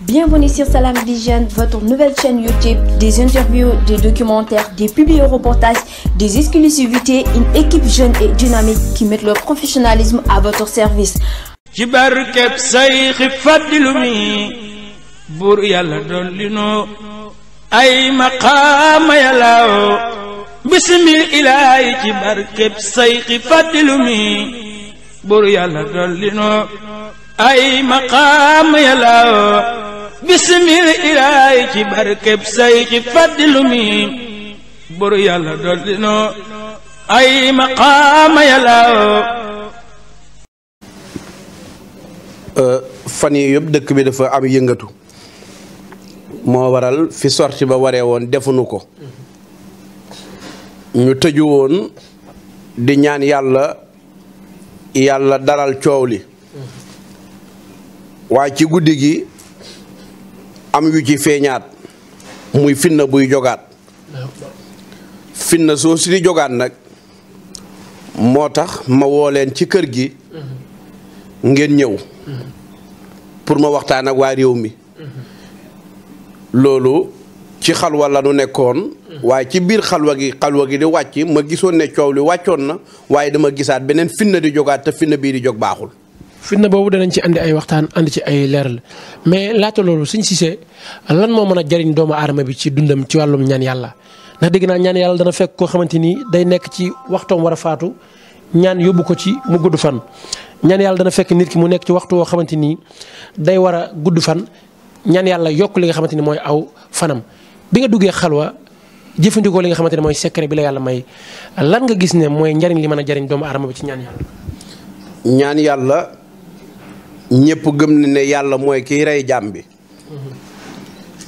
Bienvenue sur Salam Vision, votre nouvelle chaîne YouTube, des interviews, des documentaires, des publi-reportages, des exclusivités, une équipe jeune et dynamique qui met leur professionnalisme à votre service. ci barkeb sayxi fàddilu mi buur yàlla dolli noo ay maqaama bismil ilaahi ci barkeb sayxi fàddilu ay maqaam yàllaw bisimil ilaay ci barkeb say ci fàddilu mi boru yàlla doldinoo ay maqaam yàllaw euh, fan yi yëpp dëkk bi dafa am yëngatu moo waral fi sorti ba waree woon defuñu ko ñu tëju woon di ñaan yàlla yàlla daral coow li waaye ci guddi gi am yu ci feeñaat muy fitna buy jogaat fitna soo si di jogaat nag moo tax ma woo leen ci kër gi ngeen ñëw pour ma waxtaan ak waa réew mi loolu ci xalwa la nu nekkoon waaye ci biir xalwa gi xalwa gi di wàcc ma gisoon ne coow li wàccoon na waaye dama gisaat beneen fitna di jogaat te fitna bii di jog baaxul fitna boobu danañ ci andi ay waxtaan andi ci ay leeral mais laata loolu sëñ Cissé lan moo mën a jariñ doomu aadama bi ci dundam ci wàllum ñaan yàlla ndax dégg naa ñaan yàlla dana fekk koo xamante ni day nekk ci waxtoom war a faatu ñaan yóbbu ko ci mu gudd fan. ñaan yàlla dana fekk nit ki mu nekk ci waxtu woo xamante ni day war a gudd fan ñaan yàlla yokk li nga xamante ni mooy aw fanam bi nga duggee xalwa jëfandikoo li nga xamante ne mooy secret bi la yàlla may lan nga gis ne mooy njariñ li mën a jariñ doomu aadama bi ci ñaan ñëpp gëm nañ ne yàlla mooy kiy rey jaam bi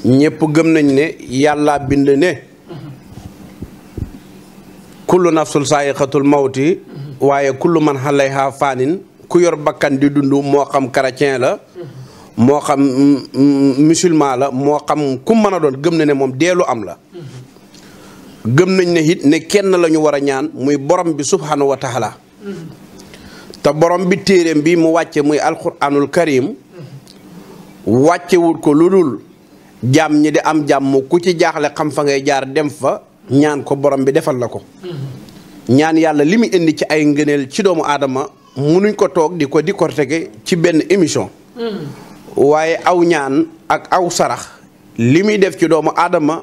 ñëpp gëm nañ ne yàlla bind ne kullu nafsul saayiqatul mawti waaye kullu man alayha faanin ku yor bakkan di dund moo xam chrétien la moo xam musulman la moo xam ku mën a doon gëm na ne moom deelu am la gëm nañ ne it ne kenn lañu ñu war a ñaan muy borom bi subhanahu wa taala te borom bi téereem bi mu wàcce muy alquranul karim wàccewul ko lu dul jàmm ñi di am jàmm ku ci jaaxle xam fa ngay jaar dem fa ñaan ko borom bi defal la ko ñaan yàlla li mu indi ci ay ngëneel ci doomu aadama munuñ ko toog di ko di ko tege ci benn émission waaye aw ñaan ak aw sarax li muy def ci doomu aadama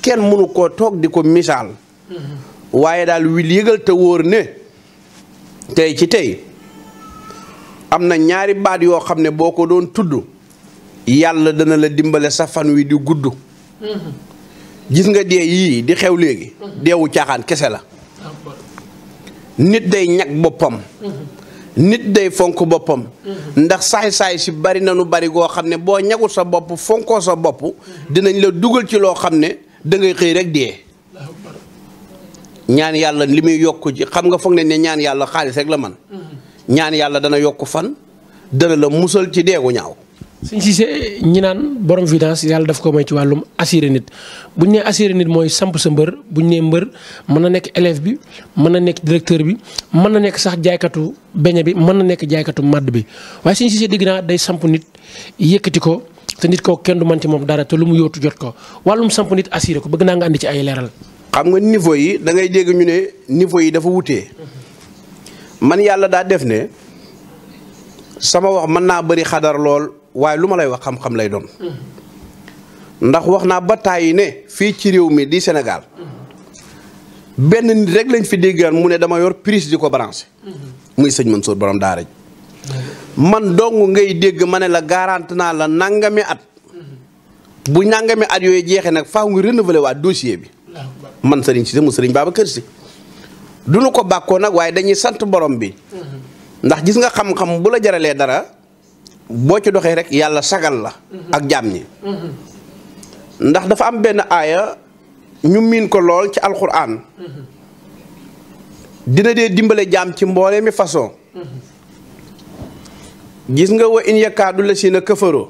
kenn munu koo toog di ko misaal waaye daal wil yëgal te wóor ne tey ci tey am na ñaari baat yoo xam ne boo ko doon tudd yàlla dana la dimbale sa fan wi di gudd gis nga dee yii di xew léegi deewu caaxaan kese la nit day ñag boppam nit day fonk boppam ndax saay-saay si bari na nu bari goo xam ne boo ñagul sa bopp fonkoo sa bopp dinañ la dugal ci loo xam ne dangay xëy rek dee ñaan yàlla li muy yokk ci xam nga foog nañ ne ñaan yàlla xaalis rek la man ñaan yàlla dana yokk fan dana la musal ci deegu ñaaw. suñ Cissé ñi naan borom finance yàlla daf ko may ci wàllum assuré nit bu ñu nee assuré nit mooy samp sa mbër bu ñu nee mbër mën na nekk élève bi mën na nekk directeur bi mën na nekk sax jaaykatu beñe bi mën na nekk jaaykatu màdd bi waaye suñ Cissé dégg naa day samp nit yëkkati ko te nit ko kenn du man ci moom dara te lu mu yootu jot ko wàllum samp nit assuré ko bëgg naa nga andi ci ay leeral. xam yi da ngay man yàlla daa def ne sama wax mën naa bari xadar lool waaye lu ma lay wax xam-xam lay doon ndax wax naa ba tàyyi ne fii ci réew mi di Sénégal benn nit rek lañ fi déggaan mu ne dama yor prise di ko branché muy sëñ Mansour borom daara ji man dong ngay dégg ma ne la garante naa la nangami at bu nangami at yooyu jeexe nag faaw nga renouveler waa dossier bi man sëriñ si mu sëriñ Babacar Si du nu ko bàkkoo nag waaye dañuy sant borom bi ndax gis nga xam-xam bu la jaralee dara boo ci doxee rek yàlla sagal la ak jaam yi ndax dafa am benn aaya ñu miin ko lool ci alxuraan dina dee dimbale jaam ci mboole mi façon gis nga wa in yakaadu la siina këfaroo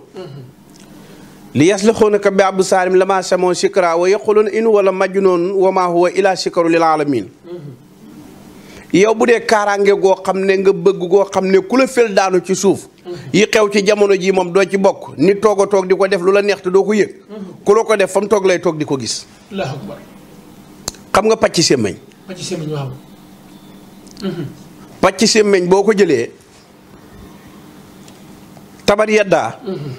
li yaslaxoonaka bi abu saarim lama samoo sikra wa yaquluna in wala majnoon wa ma huwa ila sikaru lil alamin yow bu dee kaaraange goo xam ne nga bëgg goo xam ne ku la fel daanu ci suuf yi xew ci jamono jii moom doo ci bokk ni toog a toog di ko def lu la neex te doo ko yëg ku la ko def fa mu toog lay toog di ko gis xam nga pacc semmeñ pàcc semmeñ waaw mhm. pàcc boo ko jëlee tabar yaddaa mhm.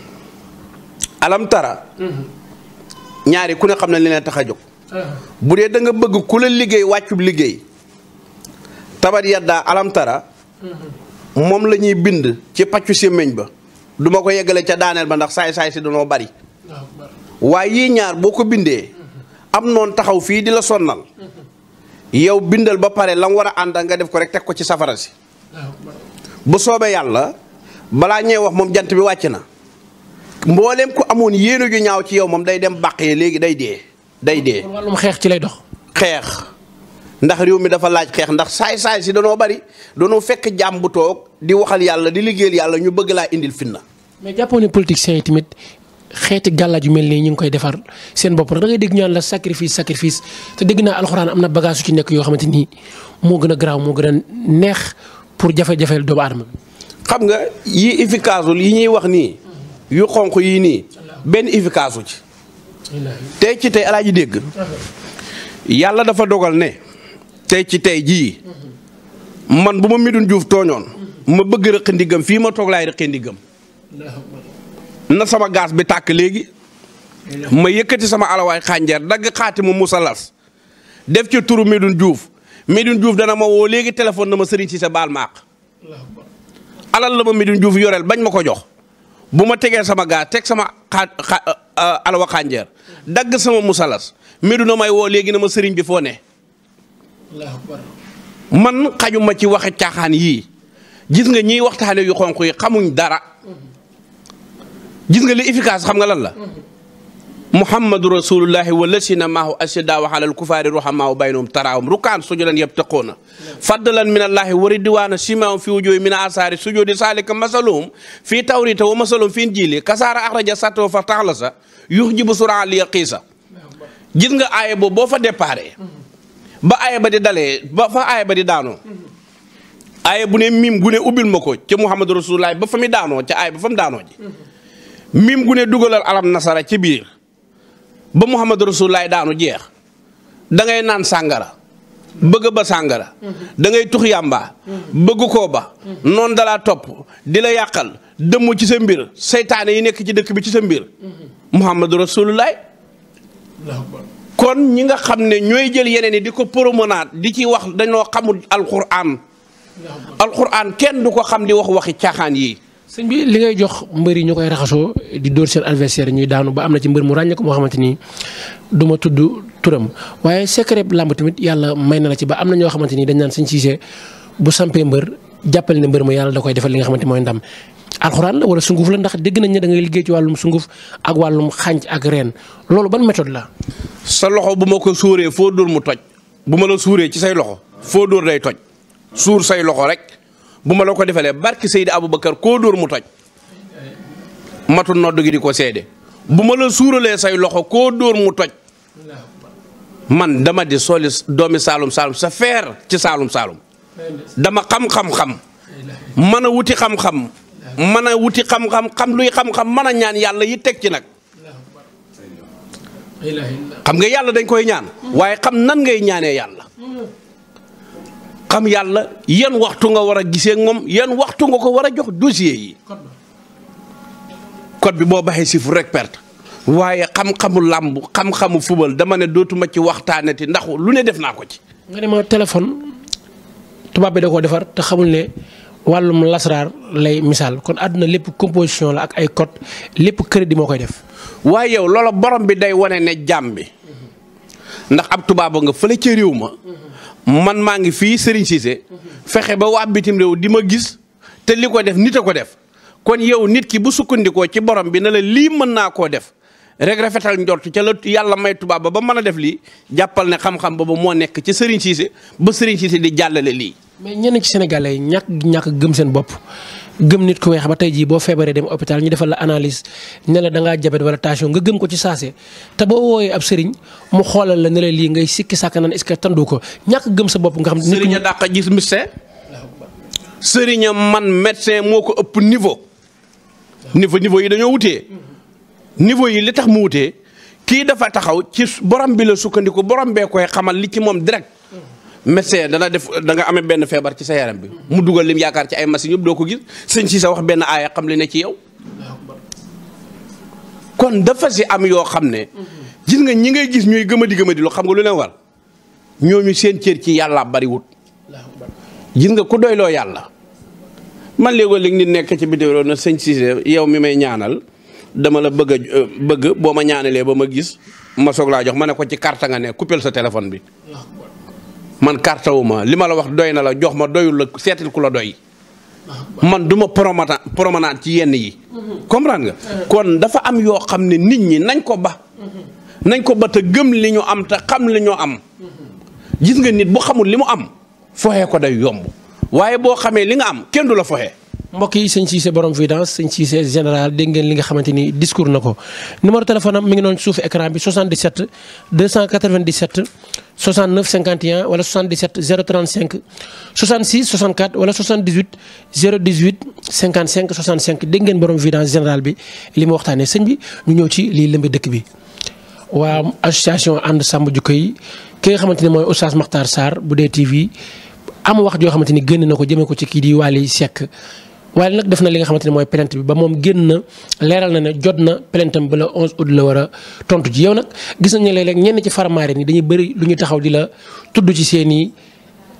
alam tara mhm. ñaari ku ne xam ne li leen tax a jóg ah. bu dee danga nga bëgg ku la liggéey wàccub liggéey tabat yaddaa alamtara moom la ñuy bind ci pàccu sémmiñ ba duma ko yeggale ca daaneel ba ndax saay-saay si danoo bari waaye yii ñaar boo ko bindee am noon taxaw fii di la sonnal yow bindal ba pare la war a ànd nga def ko rek teg ko ci safara si bu soobee yàlla balaa ñee wax moom jant bi wàcc na mbooleem ku amoon yéenu ju ñaaw ci yow moom day dem bàq yi léegi day dee day dee wàllum xeex ci lay dox xeex ndax réew mi dafa laaj xeex ndax saay-saay si danoo bari danoo fekk jàmm bu toog di waxal yàlla di liggéeyal yàlla ñu bëgg laa indil fitna. mais jàppoon ne politiciens yi tamit xeeti gàllaaj yu mel nii ñu ngi koy defar seen bopp rek da ngay dégg ñaan la sacrifice sacrifice te dégg naa alxuraan am na bagage su ci nekk yoo xamante ni moo gën a garaaw moo gën a neex pour jafe-jafeel doomu aadama. xam nga yi efficace yi ñuy wax nii yu xonq yii nii benn efficace ci. tey ci tey alaaji dégg yàlla dafa dogal ne. tey ci tey jii man bu ma Médoune Diouf tooñoon ma bëgg rëq ndiggam fii ma toog laay rëqee ndiggam na sama gaz bi tàkk léegi ma yëkkati sama alawaay xànjeer dagg xaati mu musalas def ci turu Médoune Diouf Médoune Diouf dana ma woo léegi téléphone na ma sëriñ si sa baal maaq alal la ma bañ ma ko jox bu ma tegee sama gaz teg sama xaa euh, alawa dagg sama musalas Médoune may woo léegi na ma sëriñ bi foo ne man xajuma ci waxe caaxaan yii gis nga ñiy waxtaane yu xonq yi xamuñ dara gis nga li efficace xam nga lan la muhammadu rasulullahi walasina maahu asidaa wa alal kufaari ruhamaahu baynahum taraawum rukaan sujudan yabtaqoona fadlan min allahi wa ridwaana simaahum fi wujuhi min asaari sujudi saalika masaluhum fi tawrita wa masaluhum fi injili kasaara axraja sato fa taxla yux jibu suraa li gis nga aaya boobu fa déparé mm-hmm. ba aaya ba di dalee ba fa aaya ba di daanoo aaya bu ne miim gune ubbil ma ko ca Muhammadu Rasulullah ba fa mi daanoo ca aaya ba fa mu daanoo miim gu ne dugalal alam ci biir ba Muhammadu Rasulullah daanu jeex da ngay naan sàngara bëgg ba sàngara da ngay tux yàmba bëgg koo ba noonu dalaa topp di la yàqal dëmm ci sa mbir seytaane yi nekk ci dëkk bi ci sa mbir Muhammadu Rasulullah kon ñi nga xam ne ñooy jël yeneen yi di ko promenade di ci wax dañoo xamul alxuraan alxuraan kenn du ko xam di wax waxi caaxaan yi sëñ bi li ngay jox mbër yi ñu koy raxasoo di dóor seen adversaire ñuy daanu ba am na ci mbër mu ràññee moo xamante ni duma tudd turam waaye secret làmb tamit yàlla may na la ci ba am na ñoo xamante ni dañ naan sëñ Cissé bu sampee mbër jàppale ne mbër ma yàlla da koy defal li nga xamante mooy ndam alxuraan la wala sunguf la ndax dégg nañ ne da ngay liggéey ci wàllum sunguf ak wàllum xànc ak reen loolu ban méthode la. sa loxo bu ma ko suuree foo dóor mu toj bu ma la suuree ci say loxo foo dóor day toj suur say loxo rek bu ma la ko defalee barki Seydi Aboubacar koo dóor mu toj matul nodd gi di ko seede bu ma la suuralee say loxo koo dóor mu toj man dama di soli doomi Saalum Saalum sa feer ci Saalum Saalum dama xam-xam-xam mën a wuti xam-xam. mën a wuti xam-xam xam luy xam-xam mën a ñaan yàlla yi teg ci nag xam nga yàlla dañ koy ñaan waaye xam nan ngay ñaanee yàlla xam yàlla yan waxtu nga war a gisee moom yan waxtu nga ko war a jox dossier yi code bi boo baxee chiffre rek perte waaye xam-xamu làmb xam-xamu fubal dama ne dootuma ci waxtaane ti ndax lu ne def naa ko ci nga tubaab bi da koo defar te xamul ne wàllum lasraar lay misaal kon àdduna lépp composition la ak ay code lépp crédit moo koy def. waaye yow loola borom bi day wane ne jàmm bi ndax ab tubaab nga fële ca réew ma man maa ngi fii Serigne Cissé fexe ba waa bitim réew di ma gis te li ko def nit a ko def kon yow nit ki bu sukkandikoo ci borom bi na la lii mën naa koo def. rek rafetal njort ca la yàlla may tubaab ba ba mën a def lii jàppal ne xam-xam boobu moo nekk ci Serigne Cissé ba Serigne Cissé di jàllale lii. mais ñenn ci sénégalais yi ñàkk ñàkk gëm seen bopp gëm nit ku weex a tey jii boo feebaree dem hôpital ñu defal la analyse ne la da ngaa jabet wala tension nga gëm ko ci saase te boo wooyee ab sëriñ mu xoolal la ne lii ngay sikki sàkk naan est-ce tandu ko ñàkk gëm sa bopp nga xam. sëriñ a dàq gis médecin sëriñ man médecin moo ko ëpp niveau. niveau niveau yi dañoo wutee niveau yi li tax mu wutee kii dafa taxaw ci borom bi la sukkandiku borom bee koy xamal li ci moom direct. médecin dana def da nga amee benn feebar ci sa yaram bi mu dugal lim yaakaar ci ay machine yëpp doo ko gis sëñ si sa wax benn aaya xam li ne ci yaw kon dafa si am yoo xam ne gis nga ñi ngay gis ñuy gëmadi gëmadi lu xam nga lu leen war ñu seen cër ci yàlla bariwut gis nga ku doyloo yàlla man léegoo léegi nit nekk ci bidéo na sëñ Cissé yow mi may ñaanal dama la bëgg euh, bëgg boo ma ñaanalee ba ma gis ma soog laa jox ma ne ko ci carte nga ne coupé sa téléphone bi man kartawu ma li ma la wax doy na la jox ma doyul la seetil ku la doy man du ma promata promenade ci yenn yi comprendre nga kon dafa am yoo xam ne nit ñi nañ ko ba nañ ko ba te gëm li ñu am te xam li ñu am gis nga nit bu xamul li mu am foxe ko day yomb waaye boo xamee li nga am kenn du la foxe mbokk yi sëñ Cissé borom Vidance sëñ Cissé général dégg ngeen li nga xamante ni discours na ko numéro téléphone am mi ngi noonu suuf écran bi 77 297 69 51 wala 77 035 66 64 wala 78 018 55 65 dégg ngeen borom Vidance général bi li mu waxtaanee sëñ bi ñu ñëw ci lii lëmbe dëkk bi. waa association and sàmm jikko yi ki nga xamante ne mooy Oustaz Makhtar Sarr bu dee TV am wax joo xamante ni génn na ko jëmee ko ci kii di Waly Seck. waaye nag def na li nga xamante ne mooy plainte bi ba moom génn na leeral na ne jot na plainte am ba le 11 août la war tontu ji yow nag gis nañu ne léeg ñenn ci faramaare ni dañuy bëri lu ñu taxaw di la tudd ci seen i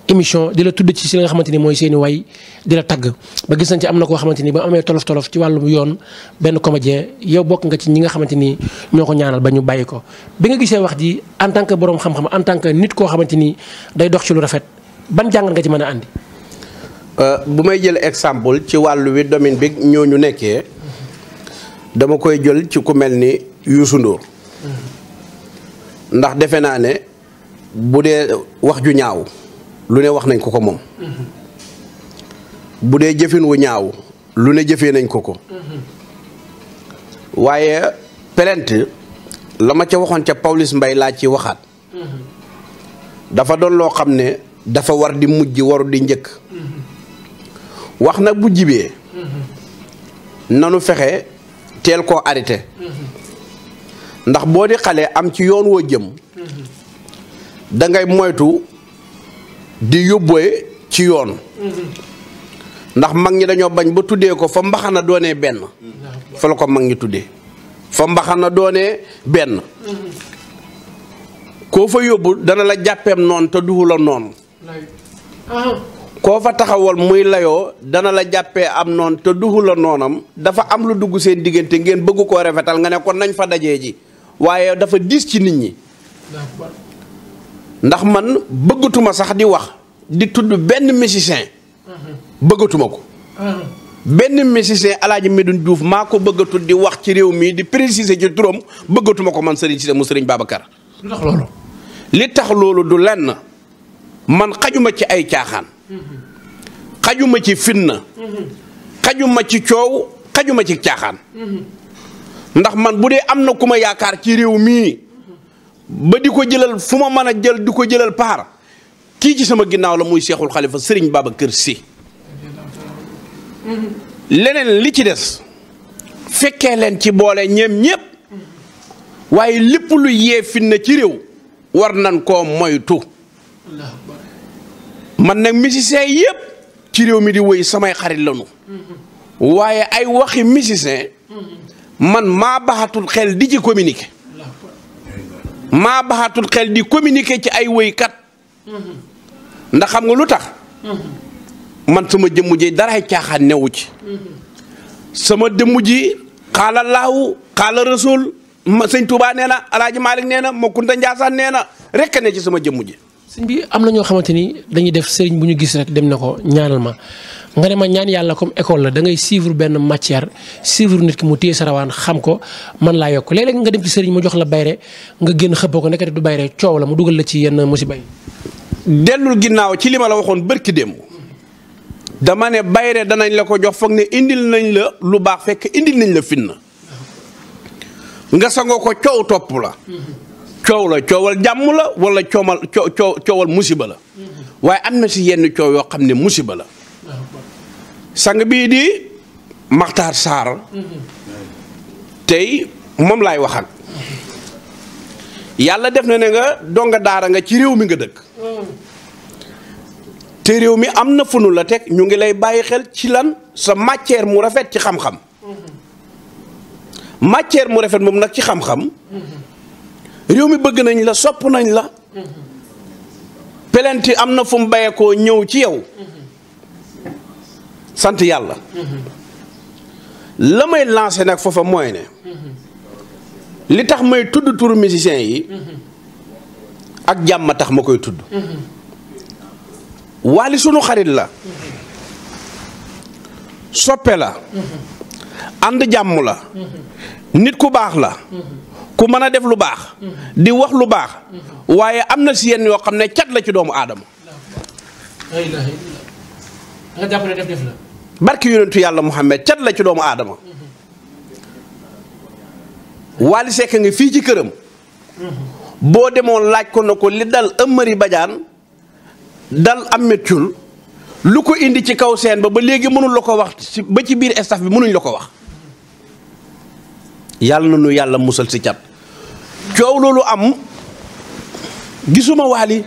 émission di la tudd ci si li nga xamante ni mooy seeni way di la tagg ba gis nañ ci am na koo xamante ni ba amee tolof tolof ci wàllu yoon benn comédien yow bokk nga ci ñi nga xamante ni ñoo ko ñaanal ba ñu bàyyi ko. bi nga gisee wax ji en tant que borom xam en tant que nit koo xamante ni day dox ci lu rafet ban jàngat nga ci mën a andi. Euh, bu may jël exemple ci wàllu wi domaine bi ñu nekkee dama koy jël ci ku mel ni yuusu Ndour ndax defe naa ne bu dee wax ju ñaaw lu ne wax nañ ko ko moom bu dee jëfin wu ñaaw lu ne jëfee nañ ko ko waaye plainte la ma ca waxoon ca Pawlish mbay laa ci waxaat dafa doon loo xam ne dafa war di mujj waru di njëkk wax na bu jibee nanu fexe teel koo arrêté ndax boo di xalee am ci yoon woo jëm dangay moytu di yóbboye ci yoon ndax mag ñi dañoo bañ ba tuddee ko fa mbaxana doonee benn fa la ko mag ñi tuddee fa mbaxana doonee benn koo fa yóbbu dana la jàppeem noonu te duhu la noonu ah. koo fa taxawal muy layoo dana la jàppee am noon te duhu la noonam dafa am lu dugg seen diggante ngeen bëgg koo rafetal nga ne kon nañ fa dajee ji waaye dafa diis ci nit ñi ndax man bëggatuma sax di wax di tudd benn musicien bëggatuma ko benn musicien alaaji Medoune Diouf maa ko bëggatul di wax ci réew mi di préciser ci turam bëggatuma ko man Serigne Cissé mu Serigne Babacar li tax loolu du lenn man xajuma ci ay caaxaan xajuma ci fitna xajuma ci coow xajuma ci caaxaan ndax man bu dee am na ku ma yaakaar ci réew mii ba di ko jëlal fu ma mën a jël di ko jëlal paar kii ci sama ginnaaw la muy seexul xalifa sëriñ kër si leneen li ci des fekkee leen ci boole ñeem ñépp waaye lépp lu yee fitna ci réew war nan koo moytu man nag musicien yëpp ci réew mi di woy samay xarit lanu waaye ay waxi musicien man maa baxatul xel di ci communiquer maa baxatul xel di communiquer ci ay woykat ndax xam nga lu tax man sama jëmm ji daraay caaxaan newu ci sama jëmm ji xaala laahu xaala rasul ma sëñ Tuubaa nee na alaaji Maalik nee na Makunta Njaasaan nee na rekk ne ci sama jëmm ji sëñ bi am na ñoo xamante ni dañuy def sëriñ bu ñu gis rek dem na ko ñaanal ma nga ne ma ñaan yàlla comme école la da ngay suivre benn matière suivre nit ki mu téye sa rawaan xam ko man laa yokk léeg-léeg nga dem ci sëriñ mu jox la bayre nga génn xëppoo ko nekkati du bayre coow la mu dugal la ci yenn si bay dellul ginnaaw ci li ma la waxoon bërki démb dama ne bayre danañ la ko jox foog ne indi nañ la lu baax fekk indil nañ la fitna nga sangoo ko coow topp coow la coowal jàmm la wala coomal coo coowal musiba la waaye am na si yenn coow yoo xam ne musiba la sang bii di Maxtaar Sarr tey moom laay waxal yàlla def na ne nga donga daara nga ci réew mi nga dëkk te réew mi am na fu la teg ñu ngi lay bàyyi xel ci lan sa matière mu rafet ci xam-xam matière mu rafet moom nag ci xam-xam réew mi bëgg nañu la sopp nañ la pelenti am na fu mu bayekoo ñëw ci yow sant yàlla la may lancé nag foofa mooy ne li tax may tudd turu musiciens yi ak jàmm tax ma koy tudd waali sunu xarit la soppe la ànd jàmm la nit ku baax la ku mën a def lu baax. di wax lu baax. waaye am na si yenn yoo xam ne cat la ci doomu aadama. nga jàpp ne def def la. barki yonentu yàlla Muhammad cat la ci doomu aadama. Wally Seck nga fii ci këram. boo demoon laaj ko na ko li dal Amary Badiane dal am Thiul lu ko indi ci kaw seen ba ba léegi mënul la ko wax ba ci biir staff bi mënuñ la ko wax. yàlla na nu yàlla musal si cat. coow loolu am gisuma waali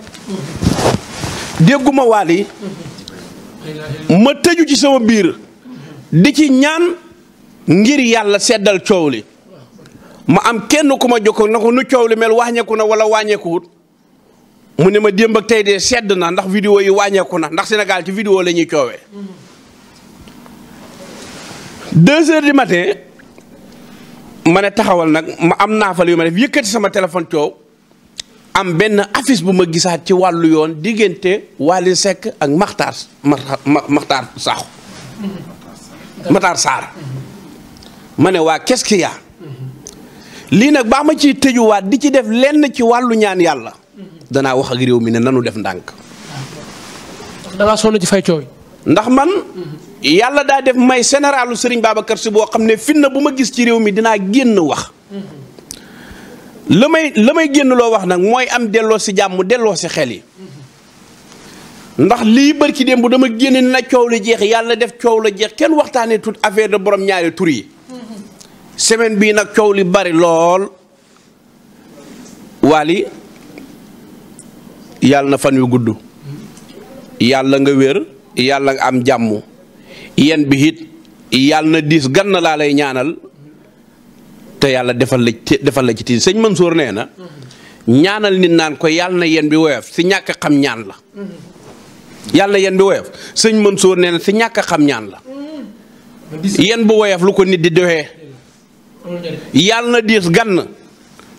dégguma waali ma tëju ci sama biir di ci ñaan ngir yàlla seddal coow li ma am kenn ku ma jokkoo na ko nu coow li mel wàññeeku na wala wàññeekuwut mu ne ma démb ak tey de sedd na ndax vidéo yi wàññeeku na ndax senegal ci vidéo la ñuy coowee deux heures ma ne taxawal nag ma am naafal yu ma def yëkkati sama téléphone coow am benn affiche bu ma gisaat ci wàllu yoon diggante Wally Seck ak Makhtar Makhtar Sakho mm-hmm. Makhtar Sarr ma ne waa quest mm-hmm. lii nag baa ma ciy tëjuwaat di ci def lenn ci wàllu ñaan yàlla mm-hmm. danaa wax ak réew mi ne nanu def ndànk ah. dangaa sonn ci fay coow ndax man yàlla daa def may généralu sëriñ Babacar Sy boo xam ne na bu ma gis ci réew mi dinaa génn wax la may la may génn loo wax nag mooy am delloo si jàmm delloo si xel yi ndax lii bërki démb bu dama génn na coow la jeex yàlla def coow la jeex kenn waxtaanee tut affaire de borom ñaari tur yi semaine bii nag coow li bari lool waali yàlla na fan yu gudd yàlla nga wér yàlla nga am jàmm yen bi it yàlla na diis gan laa lay ñaanal te yàlla defal la ci defal la ci tiis sëñ Mansour nee na ñaanal nit naan ko yàlla na yen bi woyof si ñàkk xam ñaan la yàlla na yen bi woyof sëñ Mansour nee na si ñàkk xam ñaan la yen bu woyof lu ko nit di doxee yàlla na diis gan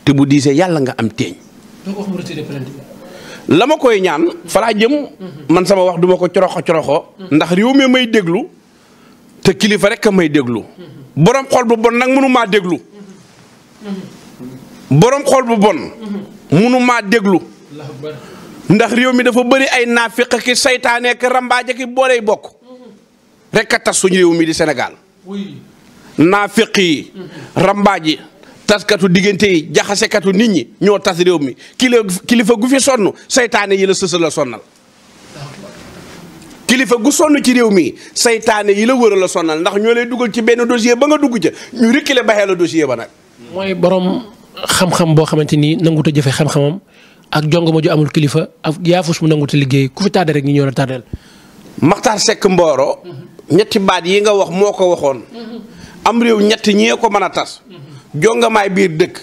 te bu diisee yàlla nga am teeñ la ma koy ñaan falaa jëm man sama wax duma ko coroxo coroxo ndax réew mi may déglu te kilifa rek a may déglu borom xol bon nag mënu maa déglu borom xol bu bon mënu maa déglu ndax réew mi dafa bari ay naafiq ki seytaane ki rambaaje ki booley bokk rekk a tas suñu réew mi di Sénégal naafiq yi rambaaj yi taskatu diggante yi jaxasekatu nit ñi ñoo tas réew mi kilifa gu fi sonn seytaane yi la sësa la sonnal kilifa gu sonn ci réew mi seytaane yi la wër la sonnal ndax ñoo lay dugal ci benn dossier ba nga dugg ca ñu reculer baxee la dossier ba nag. mooy borom xam-xam boo xamante ni nangut a jëfe xam-xamam ak jongoma ju amul kilifa ak yaafus mu nangut a liggéey ku fi tardé rek ñu ñëw la tardeel. Makhtar sekk Mboro. ñetti baat yi nga wax moo ko waxoon. Mm-hmm. am réew ko mën a tas. Mm-hmm. jongamaay biir dëkk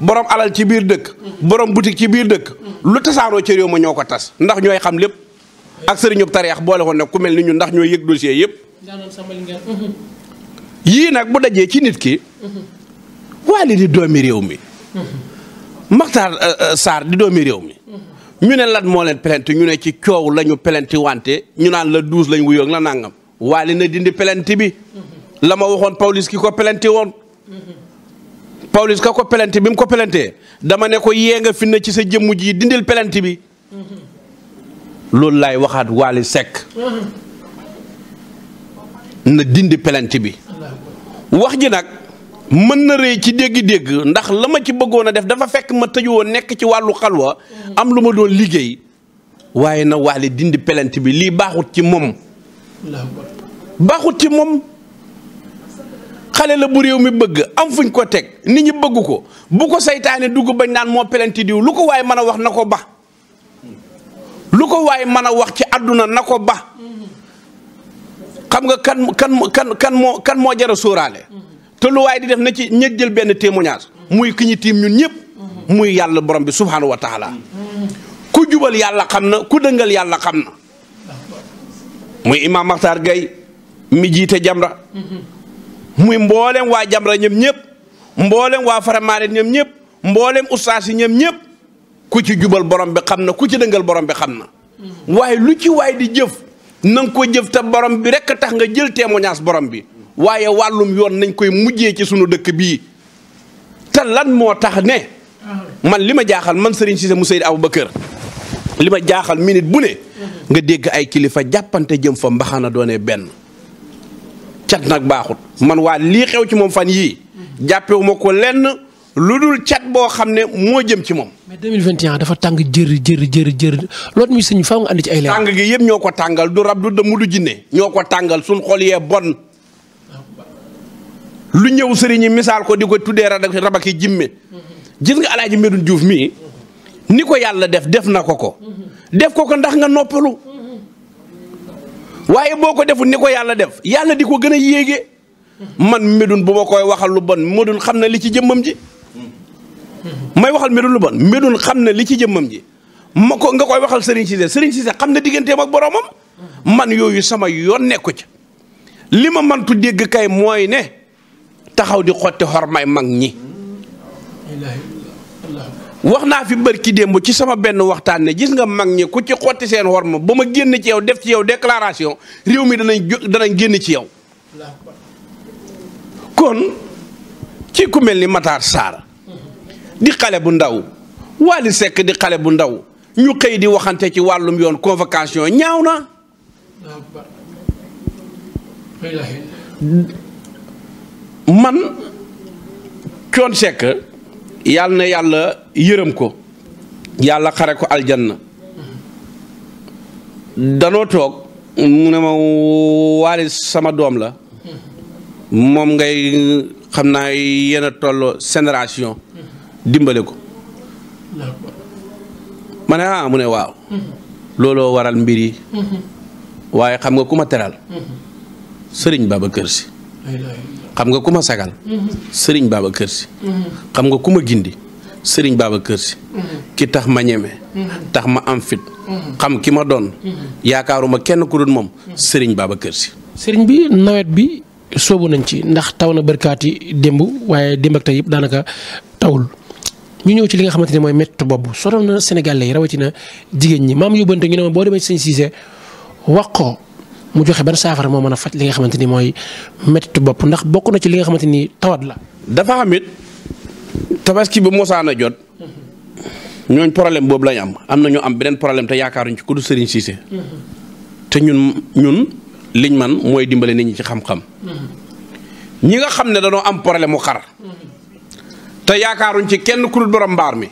borom alal ci biir dëkk borom boutique ci biir dëkk lu tasaaroo ci réew ma ñoo ko tas ndax ñooy xam lépp ak sëriñub tareex boole ko ne ku mel ni ñun ndax ñooy yëg dossier yëpp yii nag bu dajee ci nit ki waali di doomi réew mi Maxtaar euh, euh, Sarr di doomi réew mi ñu ne lan moo leen plainte ñu ne ci coow la ñu plainte wante ñu naan la douze lañ wuyoog la nàngam waali na dindi plainte bi la ma waxoon police ki ko plainte woon Pawlish ka ko pelante bi mu ko pelantee dama ne ko yee nga fi na ci sa jëmm ji dindil pelante bi loolu laay waxaat Wally Seck na dindi pelante bi wax ji nag mën na rëy ci dégg-dégg ndax la ma ci bëggoon a def dafa fekk ma tëju woon nekk ci wàllu xalwa am lu ma doon liggéey waaye na Wally dindi pelante bi lii baaxut ci moom baaxut ci moom xale la bu réew mi bëgg am fuñ koo teg ni ñu bëggu ko bu ko saytaane dugg bañ naan moo pelenti diw lu ko waaye man a wax na ko ba lu ko waaye mën a wax ci àdduna na ko ba xam nga kan kan kan kan moo kan moo jar a sóoraale te lu waaye di def na ci ñëj jël benn témoignage muy ki ñu tiim ñun ñëpp muy yàlla borom bi subhaanahu wa ku jubal yàlla xam na ku dëngal yàlla xam na muy imaam Maxtaar Gay mi jiite Jamra muy mboolem waa jambra ñam ñëpp mboolem waa Faramaren ñoom ñëpp mboolem ustaas yi ñoom ñëpp ku ci jubal borom bi xam na ku ci dëngal borom bi xam na. waaye lu ci waay di jëf na nga jëf te borom bi rek tax nga jël témoignage borom bi waaye wàllum yoon nañ koy mujjee ci sunu dëkk bii te lan moo tax ne. man li ma jaaxal man Serigne Cissé mu Seydi Aboubacar li ma jaaxal minute bu ne. nga dégg ay kilifa jàppante jëm fa mbaxana doone benn. cat nag baaxut man waa lii xew ci moom fan yii jàppewuma ko lenn lu dul cat boo xam ne moo jëm ci moom. mais 2021 dafa tàng jër jër jër jër loolu muy sëñ faaw nga andi ci ay leer. tàng gi yëpp ñoo ko tàngal du rab du dëmm du jinne ñoo ko tàngal suñ xol yee bon lu ñëw sëriñi misaal ko di ko tuddee rabaki jimme gis nga alaaji Medoune juuf mii ni ko yàlla def def na ko ko def ko ko ndax nga noppalu. waaye boo ko deful ni ko yàlla def yàlla di ko gën a yéege man medun bu ma koy waxal lu bon medun xam na li ci jëmmam ji may waxal medun lu bon xam na li ci jëmmam ji ma ko nga koy waxal Serigne Cissé Serigne Cissé xam na digganteem ak boromam man yooyu sama yoon nekku ci li ma mantu dégg kay mooy ne taxaw di xotti xormay mag ñi wax naa fi bërki démb ci sama benn waxtaan ne gis nga mag ñi ku ci xotti seen ma ba ma génn ci yow def ci yow déclaration réew mi danañ danañ génn ci yow. kon ci ku mel ni Matar Sarr di xale bu ndaw Wally sekk di xale bu ndaw ñu xëy di waxante ci wàllum yoon convocation ñaaw na. man coon Seck yàlla na yàlla. yërëm ko yàlla xare ko aljanna danoo toog mu ne ma waali sama doom la moom ngay xam naa yéen a tolloo génération dimbale ko ma ne ah mu ne waaw looloo waral mbir yi waaye xam nga ku ma teral sëriñ Babacar Si xam nga ku ma sagal sëriñ Babacar Si xam nga ku gindi sëriñ Babacar Si ki tax ma ñeme tax ma am fit xam ki ma doon yaakaaruma kenn ku dul moom sëriñ Babacar Si sëriñ bi nawet bi soobu nañ ci ndax taw na bërkaat yi démb waaye démb ak daanaka tawul ñu ñëw ci li nga xamante ne mooy métti bopp sonal na Sénégalais yi rawatina jigéen maam yóbbante ñu ne ma boo demee ci sëñ wax ko mu joxe ban saafara moo mën a faj li nga xamante ni mooy métti bopp ndax bokk na ci li nga xamante ni tawat la. dafa am tabaski ba mosaan a jot ñooñ problème boobu lañ am am na ñu am beneen problème te yaakaaruñ ci ku du Serigne te ñun ñun liñ man mooy dimbale nit ñi ci xam-xam ñi nga xam ne dañoo am problème mu xar te yaakaaruñ ci kenn ku dul borom mbaar mi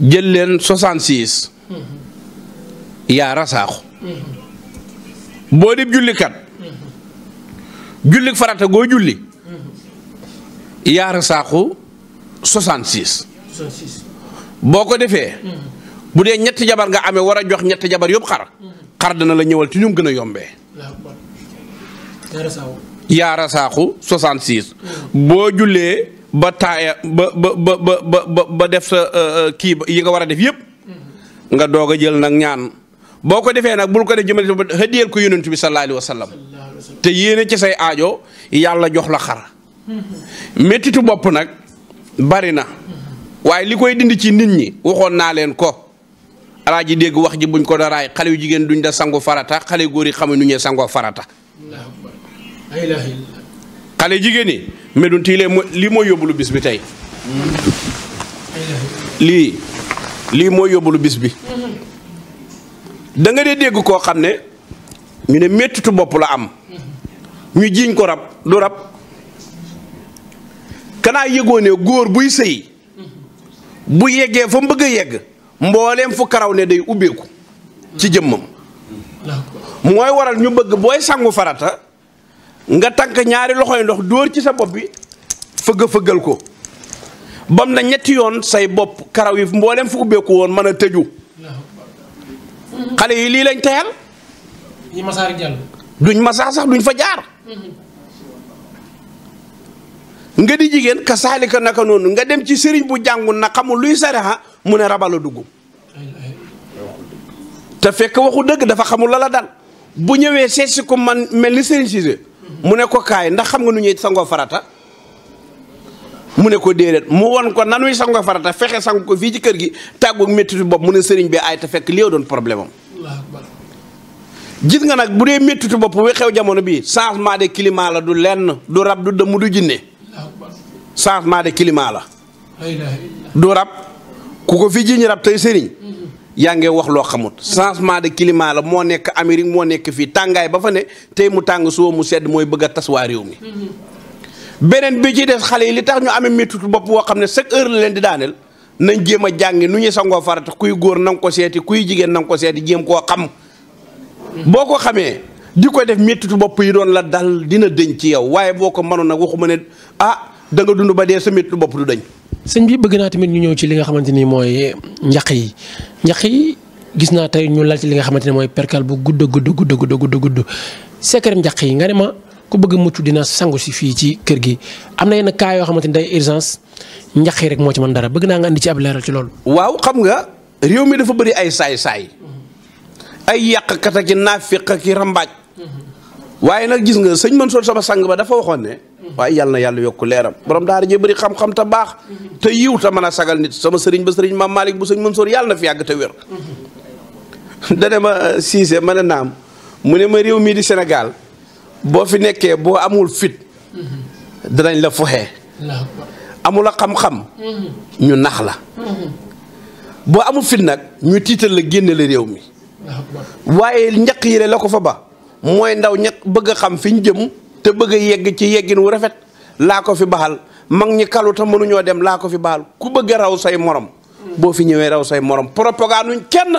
jël leen 66 yaa rasaaxu boo dib jullikat jullik farata goo julli yaara saaxu 66. boo ko defee. Mm. bu dee ñetti jabar nga amee war a jox ñetti jabar yëpp xar. Mm. xar dina la ñëwal ci ñu gën a yombee. yaara saaxu 66. Mm. boo jullee ba taaya ba ba ba ba def sa euh, euh, kii yi nga war a def yëpp. nga doog a jël nag ñaan. boo ko defee nag bul ko def jëmale ba xëddiyal ko yonent bi sallallahu alayhi wa sallam. te yéene ci say aajo yàlla jox la xar. méttitu bopp nag bari na waaye li koy dind ci nit ñi waxoon naa leen ko alaaji dégg wax ji buñ ko daraay xale yu jigéen duñ da sangu farata xale góor yi xamuñ nu ñee sangoo farata xale jigéen yi medun tii lii mooy yóbbulu bis bi tey lii lii mooy yóbbulu bis bi da dee dégg koo xam ne ñu ne méttitu bopp la am ñu jiiñ ko rab du rab kanaa yëgoo ne góor buy sëy bu yeggee fa mu bëgg a yegg mbooleem fu karaw ne day ubbeeku ci jëmmam mooy waral ñu bëgg booy sangu farata nga tànk ñaari loxoy ndox dóor ci sa bopp bi fëgg fëggal ko bam na ñetti yoon say bopp karaw yi mbooleem fu ubbeeku woon mën a tëju xale yi lii lañ teyal duñ masaa sax duñ fa jaar mm-hmm. nga di jigéen ka saalika naka noonu nga dem ci sëriñ bu jàngul na xamul luy saraxa mu ne rabal a dugg te fekk waxu dëgg dafa xamul la la dal bu ñëwee seet si ko man mel ni sëriñ Cissé mu ne ko kaay ndax xam nga nu ñuy sangoo farata mu ne ko déedéet mu won ko nanuy sangoo farata fexe sang ko fii ci kër gi tàggu méttitu bopp mu ne sëriñ bi ay te fekk li doon problème am gis nga nag bu dee méttitu bopp wi xew jamono bii changement de climat la du lenn du rab du du jinne changement de climat la. du rab ku ko fi jiñ rab tey sëriñ. Mm-hmm. yaa ngi wax loo xamut changement de climat la moo nekk Amérique moo nekk fii tàngaay ba fa ne tey mu tàng suba mu sedd mooy bëgg a tas waa réew mi. Mm-hmm. beneen bi ci des xale yi li tax ñu amee méttitu bopp woo xam ne chaque heure la leen di daaneel nañ jéem a jàngi nu ñuy sangoo farata kuy góor nan nga ko seeti kuy jigéen na nga ko seeti jéem koo xam. Mm-hmm. boo ko xamee di ko def méttitu bopp yi doon la dal dina dëñ ci yow waaye boo ko mënoon nag waxuma ne ah. da nga dund ba dee sa métti bopp du dañ. sëñ bi bëgg naa tamit ñu ñëw ci li nga xamante ni mooy njaq yi njaq yi gis naa tey ñu lal ci li nga xamante ne mooy perkal bu gudd gudd gudd gudd gudd gudd secret njaq yi nga ne ma ku bëgg mucc dina sangu si fii ci kër gi am na yenn cas yoo xamante ni day urgence njaq yi rek moo ci mën dara bëgg naa nga indi ci ab leeral ci loolu. waaw xam nga réew mi dafa bëri ay saay-saay ay yàqkat ak i naafiq ak i rambaaj mm-hmm. waaye nag gis nga sëñ Mansour sama sang ba dafa waxoon ne. waaye yal na yàlla yokk leeram borom daara jee bari xam-xam te baax te yiw te mën a sagal nit sama sëriñ ba sëriñ maam Malick bu sëñ Mansour yàlla na fi yàgg te wér ma siise euh, ma naam mu ne ma réew mii di Sénégal boo fi nekkee boo amul fit danañ la foxe amul a xam-xam ñu nax la boo amul fit nag ñu tiital la génne la réew mi waaye njaq yi la ko fa ba mooy ndaw ña bëgg a xam fi ñu jëm te bëgg yegg ci yeggin wu rafet laa ko fi baxal mag ñi kalu mënuñoo dem laa ko fi baxal ku bëgg raw say morom boo fi ñëwee raw say morom propagande kenn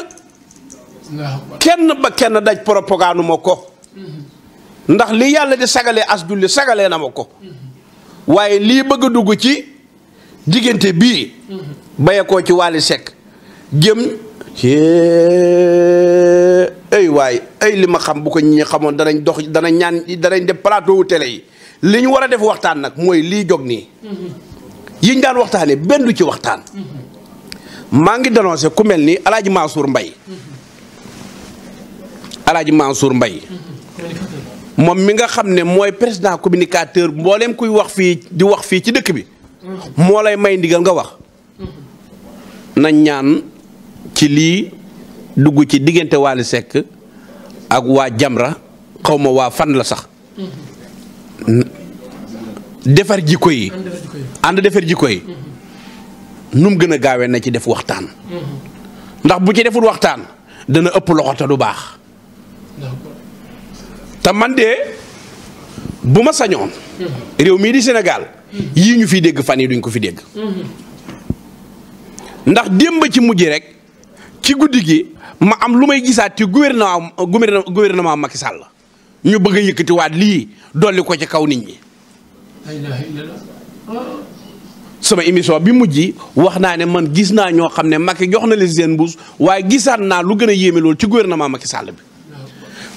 kenn kenn daj propagande ma ko ndax li yàlla di sagalee as julli sagalee na ma ko waaye lii bëgg a dugg ci diggante bii mm-hmm. ko ci Wally Seck jëm ci waaye ay li ma xam bu ko ñi xamoon danañ dox danañ ñaan danañ def plateau wu yi li war a def waxtaan nag mooy lii jog nii mm-hmm. yiñ daan waxtaanee benn du ci waxtaan mm-hmm. maa ngi dénoncé ku mel ni alaaji Mansour Mbaye mm-hmm. alaaji Mansour Mbaye moom mi nga xam ne mooy président communicateur mbooleem kuy wax fii di wax fii ci dëkk bi moo lay may ndigal nga wax nañ ñaan ci lii dugg ci diggante Wally Seck ak waa jamra xaw ma waa fan la sax defar jikko yi ànd defar jikko yi nu mu gën a gaawee na ci def waxtaan ndax bu ci deful waxtaan dana ëpp loxo te du baax te man de bu ma sañoon réew mii di Sénégal yi ñu fi dégg fan yi duñ ko fi dégg ndax démb ci mujj rek ci guddi gi ma am lu may gisaat ci gouvernement gouvernement Macky Sall ñu bëgg a yëkkatiwaat lii dolli ko ci kaw nit ñi. sama émission bi mujj wax naa ne man gis naa ñoo xam ne Macky jox na leen seen mbuus waaye gisaat naa lu gën a yéeme loolu ci gouvernement Macky Sall bi.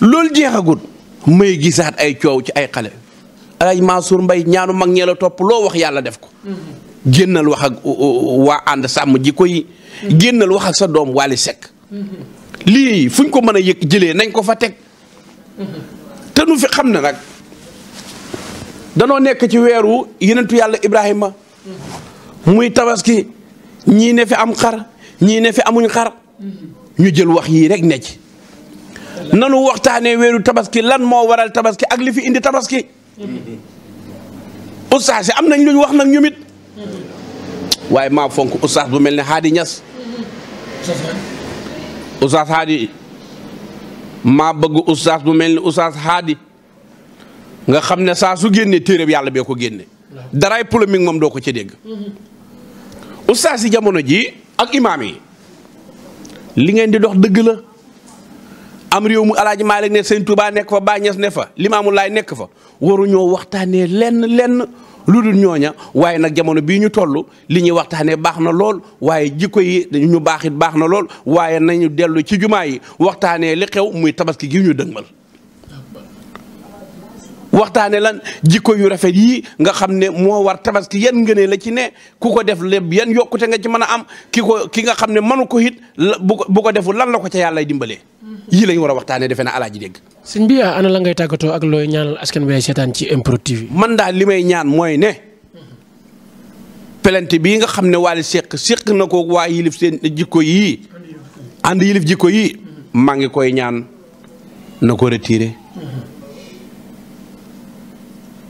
loolu jeexagut may gisaat ay coow ci ay xale. ay Mansour mbay ñaanu mag ñee la topp loo wax yàlla def ko. Mm-hmm. génnal wax ak waa ànd sàmm ji koy génnal wax ak sa doom Wally Seck lii fuñ ko mën a yëg jëlee nañ ko fa teg te nu fi xam ne nag danoo nekk ci weeru yenentu yàlla Ibrahima muy tabaski ñii ne fi am xar ñii ne fi amuñ xar ñu jël wax yii rek ne ci nanu waxtaanee weeru tabaski lan moo waral tabaski ak li fi indi tabaski mm-hmm. ustaas am nañ luñ wax nag ñu mit waaye ma fonk oustaz bu mel ni Hadi Niass oustaz Hadi maa bëgg oustaz bu mel ni oustaz Hadi nga xam ne saa su génnee téeréb yàlla bee ko génne daraay polémique moom doo ko ci dégg oustaz jamono ji ak imaam yi li ngeen di dox dëgg la am réew mu alaaji Maalik ne sëñ Tuubaa nekk fa Baay Ñas ne fa Limaamu Laay nekk fa waruñoo waxtaanee lenn lenn lu dul ñooña waaye nag jamono bii ñu toll li ñuy waxtaanee baax na lool waaye jikko yi ñu baax it baax na lool waaye nañu dellu ci jumaa yi waxtaanee li xew muy tabaski gi ñu dëgmal. waxtaane lan jikko yu rafet yii nga xam ne moo war tabaski yan ngenee la ci ne ku ko def lépp yan yokkute nga ci mën a am ki ko ki nga xam ne mënu ko it bu ko deful lan la ko ca yàlla dimbalee. yii lañ war a waxtaanee defe naa alaaji dégg. sëñ bi ana la ngay tàggatoo ak looy ñaanal askan wi seetaan ci MPROD TV. man daal li may ñaan mooy ne. pelante bii nga xam ne Wally Seck seq na ko waa yilif seen jikko yii. ànd yilif jikko yii. maa ngi koy ñaan na ko retiré.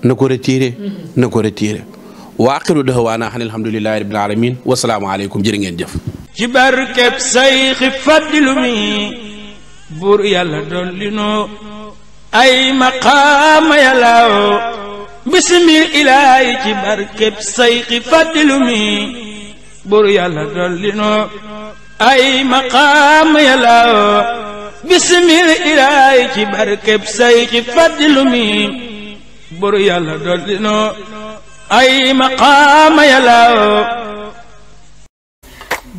na ko retiré. na ko retiré. wa axiru daxawaana an alhamdulilahi alamin wasalaamaaleykum jërë ngeen jëf. ci barkeb say xi faddilu buur yàlla dolli noo ay maqaama yàllaaw bismil ilaahi barkeb sayxi fàddilu mi buru yàlla ay maqaama yàllaaw bismil ilaahi barkeb sayxi fàddilu mi buru yàlla ay maqaama yàllaaw